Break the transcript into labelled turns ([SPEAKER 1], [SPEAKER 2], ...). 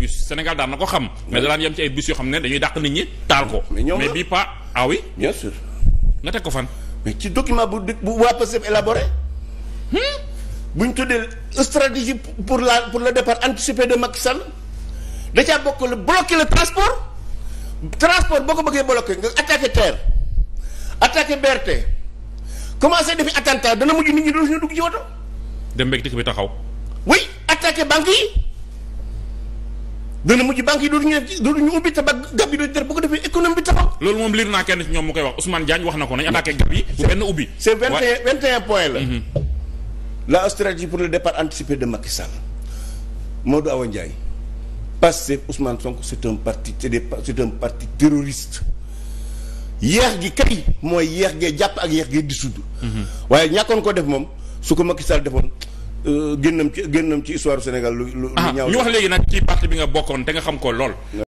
[SPEAKER 1] bus Sénégal daan na ko xam. mais daan yem ci ay bus yoo xam ne dañuy dàq nit ñi taal ko. mais bii pas ah oui. bien sûr. nga teg ko fan. mais ci document bu bu waa Pastef élaboré.
[SPEAKER 2] Hmm? bu ñu tuddee stratégie pour la pour le départ anticipé de Macky Sall da caa bokk la bloquer le transport transport boo ko bëggee bloquer nga attaquer terre attaquer BRT commencé defi attentat dana mujj nit ñi dootuñu dugg ci woto.
[SPEAKER 1] dem beeg dikk bi taxaw.
[SPEAKER 2] oui attaquer banque yi.
[SPEAKER 1] dana mujj banque yi dootuñu def dootuñu ubbi te ba gab yi dootu def bu ko defee économie bi taxaw. loolu moom liir naa kenn ci ñoom mu koy wax Ousmane Diagne wax na ko nañu attaqué gab yi. bu benn ubbi c'est vingt et un vingt et
[SPEAKER 2] mhm. de Macky Sall Maodo parti c'est des c'est un parti terroriste gi kay mooy yéex gee jàpp ak yéex gee di sudd. Mhm. waaye ñàkkoon ko def moom su ko Macky Sall defoon. génnam ci génnam ci histoire Sénégal lu lu. Ah, ñaaw ñu wax
[SPEAKER 1] léegi nag ci parti bi nga bokkoon te nga xam ko lool.